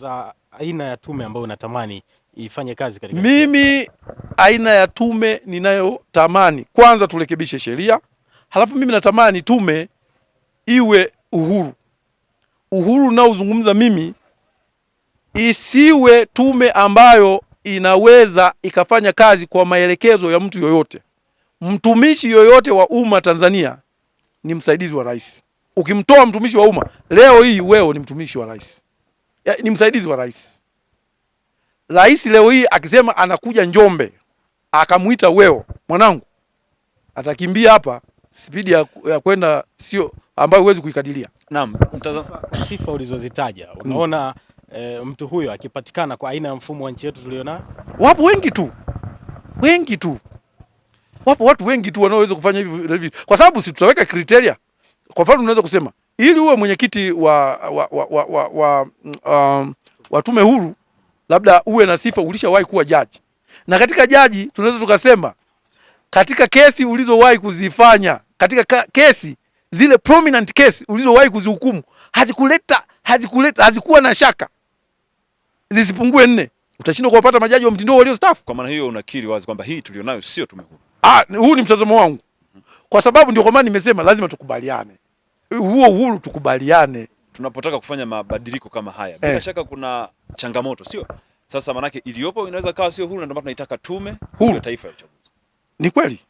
za aina ya tume ambayo unatamani ifanye kazi katika mimi. Aina ya tume ninayotamani, kwanza turekebishe sheria, halafu mimi natamani tume iwe uhuru. Uhuru unaozungumza mimi, isiwe tume ambayo inaweza ikafanya kazi kwa maelekezo ya mtu yoyote. Mtumishi yoyote wa umma Tanzania ni msaidizi wa rais. Ukimtoa mtumishi wa umma leo hii, wewe ni mtumishi wa rais ya, eh, ni msaidizi wa rais. Rais leo hii akisema anakuja Njombe akamwita weo mwanangu, atakimbia hapa spidi ya, ya kwenda sio ambayo huwezi kuikadiria. Naam, mtazama sifa ulizozitaja mm. unaona mm. e, mtu huyo akipatikana kwa aina ya mfumo wa nchi yetu tuliona, wapo wengi tu, wengi tu, wapo watu wengi tu wanaoweza kufanya hivi, kwa sababu si tutaweka kriteria. Kwa mfano unaweza kusema ili uwe mwenyekiti wa, wa, wa, wa, wa, wa, um, watume tume huru, labda uwe na sifa, ulishawahi kuwa jaji. Na katika jaji tunaweza tukasema katika kesi ulizowahi kuzifanya, katika kesi zile prominent kesi ulizowahi kuzihukumu hazikuleta hazikuleta hazikuwa na shaka, zisipungue nne, utashindwa kuwapata majaji wa mtindo staff. Kwa maana hiyo unakiri wazi kwamba hii tulionayo sio tume huru. Ah, huu ni mtazamo wangu, mhm. kwa sababu ndio kwa maana nimesema lazima tukubaliane huo uhuru tukubaliane tunapotaka kufanya mabadiliko kama haya bila eh, shaka kuna changamoto sio? Sasa manake iliyopo inaweza kawa sio huru, na ndio maana tunaitaka tume ya taifa ya uchaguzi. Ni kweli.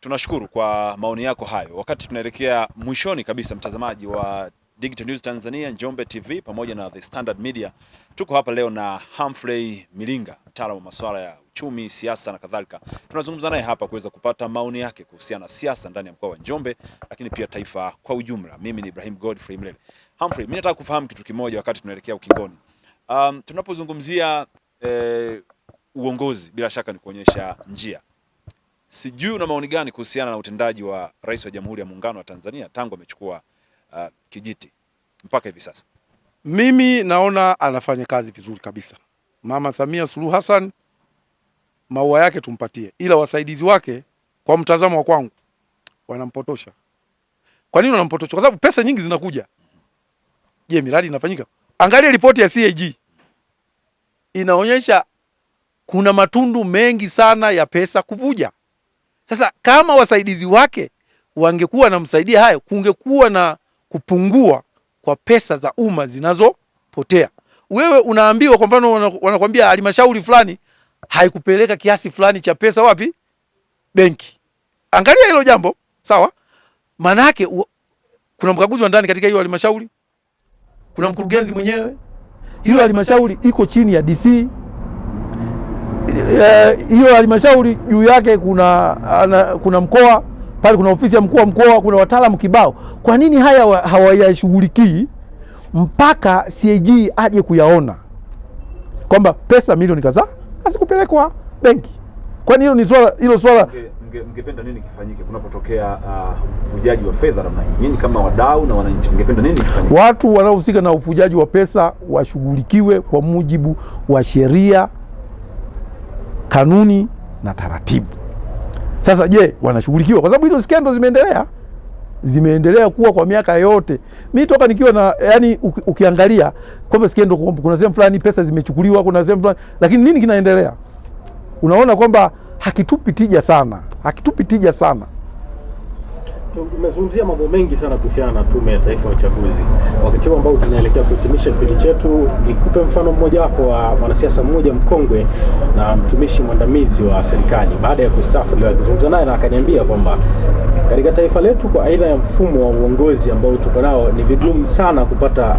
Tunashukuru kwa maoni yako hayo. Wakati tunaelekea mwishoni kabisa, mtazamaji wa Digital News Tanzania, Njombe TV pamoja na The Standard Media. Tuko hapa leo na Humphrey Milinga, mtaalamu wa masuala ya uchumi, siasa na kadhalika. Tunazungumza naye hapa kuweza kupata maoni yake kuhusiana na siasa ndani ya mkoa wa Njombe, lakini pia taifa kwa ujumla. Mimi ni Ibrahim Godfrey Mlele. Humphrey, mimi nataka kufahamu kitu kimoja wakati tunaelekea ukingoni. Um, tunapozungumzia eh, uongozi bila shaka ni kuonyesha njia. Sijui una maoni gani kuhusiana na utendaji wa Rais wa Jamhuri ya Muungano wa Tanzania tangu amechukua uh, kijiti mpaka hivi sasa. Mimi naona anafanya kazi vizuri kabisa Mama Samia Suluhu Hassan, maua yake tumpatie, ila wasaidizi wake kwa mtazamo wa kwangu wanampotosha. Kwa nini wanampotosha? Kwa sababu pesa nyingi zinakuja, je, miradi inafanyika? Angalia ripoti ya CAG inaonyesha kuna matundu mengi sana ya pesa kuvuja. Sasa kama wasaidizi wake wangekuwa wanamsaidia hayo, kungekuwa na kupungua kwa pesa za umma zinazopotea. Wewe unaambiwa kwa mfano, wanakuambia halmashauri fulani haikupeleka kiasi fulani cha pesa wapi? Benki. Angalia hilo jambo, sawa? Maana yake kuna mkaguzi wa ndani katika hiyo halmashauri, kuna mkurugenzi mwenyewe. Hiyo halmashauri iko chini ya DC eh, hiyo halmashauri juu yake kuna, ana, kuna mkoa pale, kuna ofisi ya mkuu wa mkoa, kuna wataalamu kibao. Kwa nini haya hawayashughulikii mpaka CAG aje kuyaona kwamba pesa milioni kadhaa hazikupelekwa benki? Kwani hilo ni swala hilo swala mngependa nini kifanyike kunapotokea uh, ufujaji uh, wa fedha namna hii? Nyinyi kama wadau na wananchi mngependa nini kifanyike? Watu wanaohusika na ufujaji wa pesa washughulikiwe kwa mujibu wa sheria, kanuni na taratibu. Sasa je, wanashughulikiwa? Kwa sababu hizo skendo zimeendelea zimeendelea kuwa kwa miaka yote. Mimi toka nikiwa na yani, ukiangalia kwamba sikiendo, kuna sehemu fulani pesa zimechukuliwa, kuna sehemu fulani lakini nini kinaendelea? Unaona kwamba hakitupi tija sana, hakitupi tija sana tumezungumzia mambo mengi sana kuhusiana na Tume ya Taifa ya Uchaguzi wakati huu ambao tunaelekea kuhitimisha kipindi chetu. Nikupe mfano mmoja wapo wa mwanasiasa mmoja mkongwe na mtumishi mwandamizi wa serikali baada ya kustaafu, nilizungumza naye na akaniambia kwamba katika taifa letu, kwa aina ya mfumo wa uongozi ambao tuko nao, ni vigumu sana kupata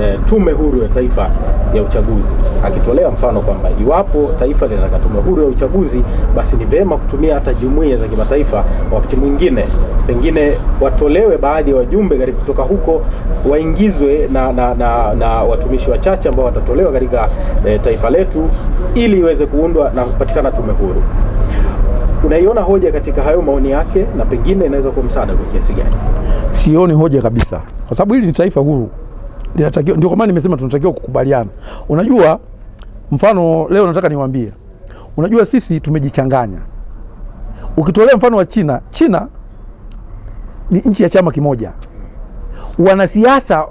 eh, Tume Huru ya Taifa ya Uchaguzi, akitolea mfano kwamba iwapo taifa linataka tume huru ya uchaguzi, basi ni vema kutumia hata jumuiya za kimataifa. Wakati mwingine pengine watolewe baadhi ya wajumbe kutoka huko waingizwe na, na, na, na watumishi wachache ambao watatolewa katika eh, taifa letu ili iweze kuundwa na kupatikana tume huru. Unaiona hoja katika hayo maoni yake, na pengine inaweza kuwa msaada kwa kiasi gani? Sioni hoja kabisa, kwa sababu hili ni taifa huru linatakiwa ndio kwa maana nimesema tunatakiwa kukubaliana. Unajua, mfano leo nataka niwaambie, unajua sisi tumejichanganya. Ukitolea mfano wa China, China ni nchi ya chama kimoja, wanasiasa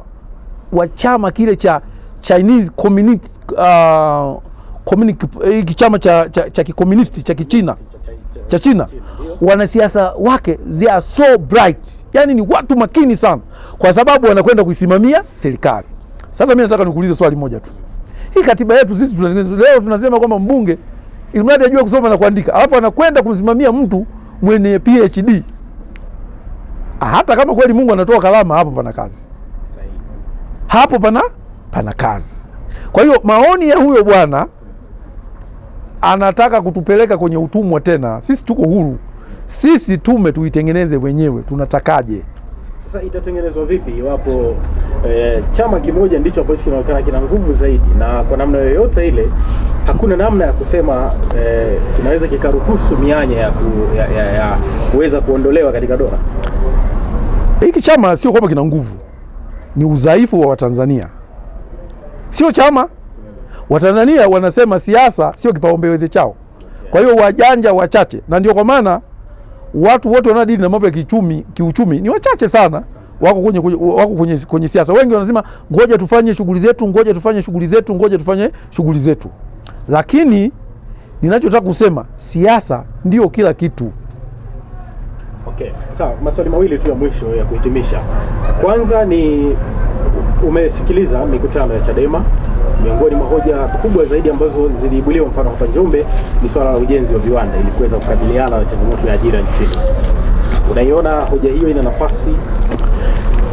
wa chama kile cha Chinese Communist, uh, Communist, uh, chama cha, cha, cha kikomunisti cha Kichina cha China, wanasiasa wake they are so bright, yani ni watu makini sana, kwa sababu wanakwenda kuisimamia serikali. Sasa mimi nataka nikuulize swali moja tu, hii katiba yetu sisi tunatengeneza leo, tunasema kwamba mbunge ili ajue kusoma na kuandika, alafu anakwenda kumsimamia mtu mwenye PhD. Hata kama kweli Mungu anatoa kalama, hapo pana kazi, hapo pana pana kazi. Kwa hiyo maoni ya huyo bwana anataka kutupeleka kwenye utumwa tena. Sisi tuko huru, sisi tume tuitengeneze wenyewe tunatakaje. Sasa itatengenezwa vipi iwapo e, chama kimoja ndicho ambacho kinaonekana kina nguvu zaidi, na kwa namna yoyote ile hakuna namna ya kusema e, kinaweza kikaruhusu mianya ya, ku, ya, ya, ya kuweza kuondolewa katika dola hiki. Chama sio kwamba kina nguvu, ni udhaifu wa Watanzania, sio chama Watanzania wanasema siasa sio kipaumbele chao, kwa hiyo wajanja wachache, na ndio kwa maana watu wote dini na mambo ya kiuchumi, kiuchumi ni wachache sana wako kwenye, wako kwenye, kwenye siasa. Wengi wanasema ngoja tufanye shughuli zetu, ngoja tufanye shughuli zetu, ngoja tufanye shughuli zetu, lakini ninachotaka kusema siasa ndio kila kitu. Okay, sawa. Maswali mawili tu ya mwisho ya kuhitimisha. Kwanza ni umesikiliza mikutano ya Chadema. Miongoni mwa hoja kubwa zaidi ambazo ziliibuliwa mfano hapa Njombe ni swala la ujenzi wa viwanda ili kuweza kukabiliana na changamoto ya ajira nchini. Unaiona hoja hiyo ina nafasi?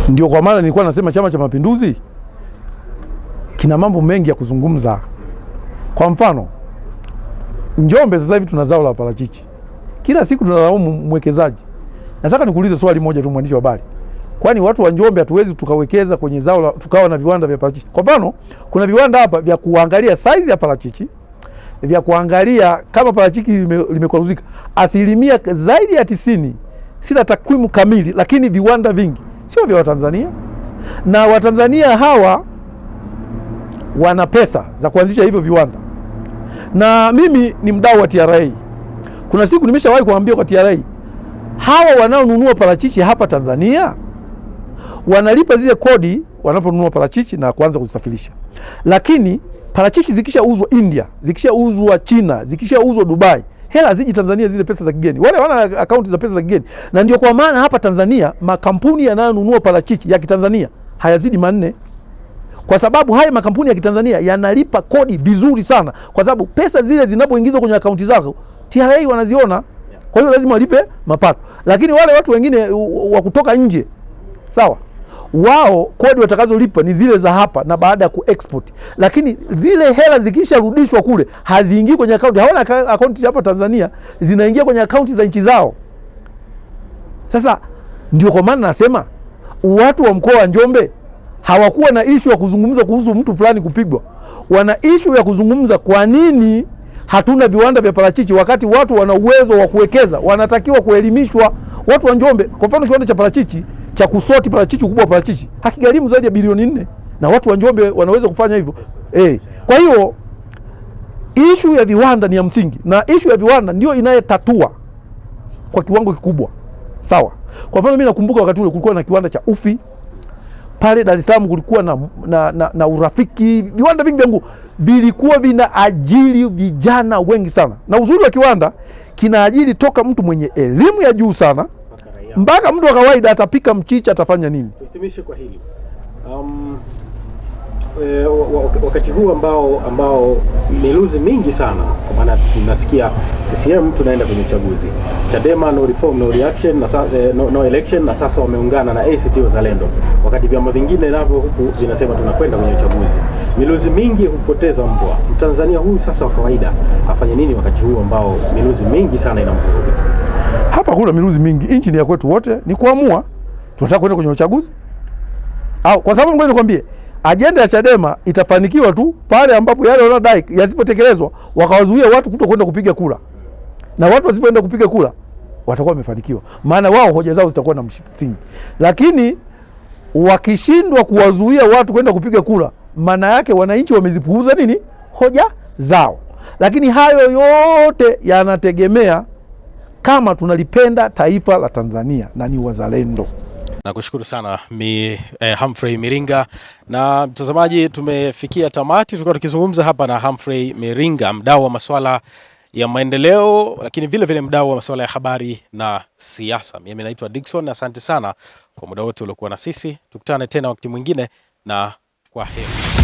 Ndio kwa maana nilikuwa nasema Chama cha Mapinduzi kina mambo mengi ya kuzungumza. Kwa mfano, Njombe sasa hivi tuna zao la parachichi, kila siku tunalaumu mwekezaji. Nataka nikuulize swali moja tu, mwandishi wa habari kwani watu wa Njombe hatuwezi tukawekeza kwenye zao la tukawa na viwanda vya parachichi. Kwa mfano, kuna viwanda hapa vya kuangalia size ya parachichi, vya kuangalia kama parachichi limekwaruzika. Asilimia zaidi ya tisini, sina takwimu kamili, lakini viwanda vingi sio vya Watanzania, na Watanzania hawa wana pesa za kuanzisha hivyo viwanda, na mimi ni mdau wa TRA. Kuna siku nimeshawahi kuambia kwa TRA, hawa wanaonunua parachichi hapa Tanzania wanalipa zile kodi wanaponunua parachichi na kuanza kuzisafirisha, lakini parachichi zikishauzwa India, zikishauzwa China, zikishauzwa Dubai, hela ziji Tanzania, zile pesa za kigeni. Wale wana akaunti za pesa za kigeni, na ndio kwa maana hapa Tanzania makampuni yanayonunua parachichi ya kitanzania hayazidi manne, kwa sababu haya makampuni ya kitanzania yanalipa kodi vizuri sana, kwa sababu pesa zile zinapoingizwa kwenye akaunti zako TRA wanaziona, kwa hiyo lazima walipe mapato. Lakini wale watu wengine wa kutoka nje, sawa wao kodi watakazolipa ni zile za hapa na baada ya kuexport, lakini zile hela zikisharudishwa kule haziingii kwenye akaunti, hawana akaunti hapa Tanzania, zinaingia kwenye akaunti za nchi zao. Sasa ndio kwa maana nasema watu wa mkoa wa Njombe hawakuwa na ishu ya kuzungumza kuhusu mtu fulani kupigwa, wana ishu ya kuzungumza kwa nini hatuna viwanda vya parachichi wakati watu wana uwezo wa kuwekeza. Wanatakiwa kuelimishwa watu wa Njombe. Kwa mfano kiwanda cha parachichi cha kusoti parachichi kubwa parachichi hakigharimu zaidi ya bilioni nne na watu wa Njombe wanaweza kufanya hivyo eh. Kwa hiyo ishu ya viwanda ni ya msingi, na ishu ya viwanda ndio inayetatua kwa kiwango kikubwa, sawa. Kwa mfano mimi nakumbuka wakati ule kulikuwa na kiwanda cha Ufi pale Dar es Salaam, kulikuwa na, na, na, na Urafiki, viwanda vingi vya nguo vilikuwa vina ajili vijana wengi sana, na uzuri wa kiwanda kinaajiri toka mtu mwenye elimu ya juu sana mpaka mtu wa kawaida atapika mchicha, atafanya nini? Tuhitimishe kwa hili um, e, wakati huu ambao ambao miluzi mingi sana, kwa maana tunasikia CCM tunaenda kwenye uchaguzi, Chadema no reform no reaction na e, no, no election, na sasa wameungana na ACT Wazalendo, wakati vyama vingine navyo huku vinasema tunakwenda kwenye uchaguzi. Miluzi mingi hupoteza mbwa. Mtanzania huyu sasa wa kawaida afanye nini wakati huu ambao miluzi mingi sana inamkuruga? Hapa kuna miruzi mingi, nchi ni ya kwetu wote, ni kuamua tunataka kwenda kwenye uchaguzi au. Kwa sababu ngoja nikwambie, ajenda ya Chadema itafanikiwa tu pale ambapo yale wanadai yasipotekelezwa, wakawazuia watu kuto kwenda kupiga kura, na watu wasipoenda kupiga kura watakuwa wamefanikiwa, maana wao hoja zao zitakuwa na msingi. Lakini wakishindwa kuwazuia watu kwenda kupiga kura, maana yake wananchi wamezipuuza nini hoja zao. Lakini hayo yote yanategemea kama tunalipenda taifa la Tanzania na ni wazalendo. Nakushukuru sana mi, eh, Humphrey Miringa. Na mtazamaji, tumefikia tamati. Tulikuwa tukizungumza hapa na Humphrey Miringa, mdau wa masuala ya maendeleo, lakini vile vile mdau wa masuala ya habari na siasa. Mimi naitwa Dickson, asante sana kwa muda wote uliokuwa na sisi. Tukutane tena wakati mwingine na kwa heri.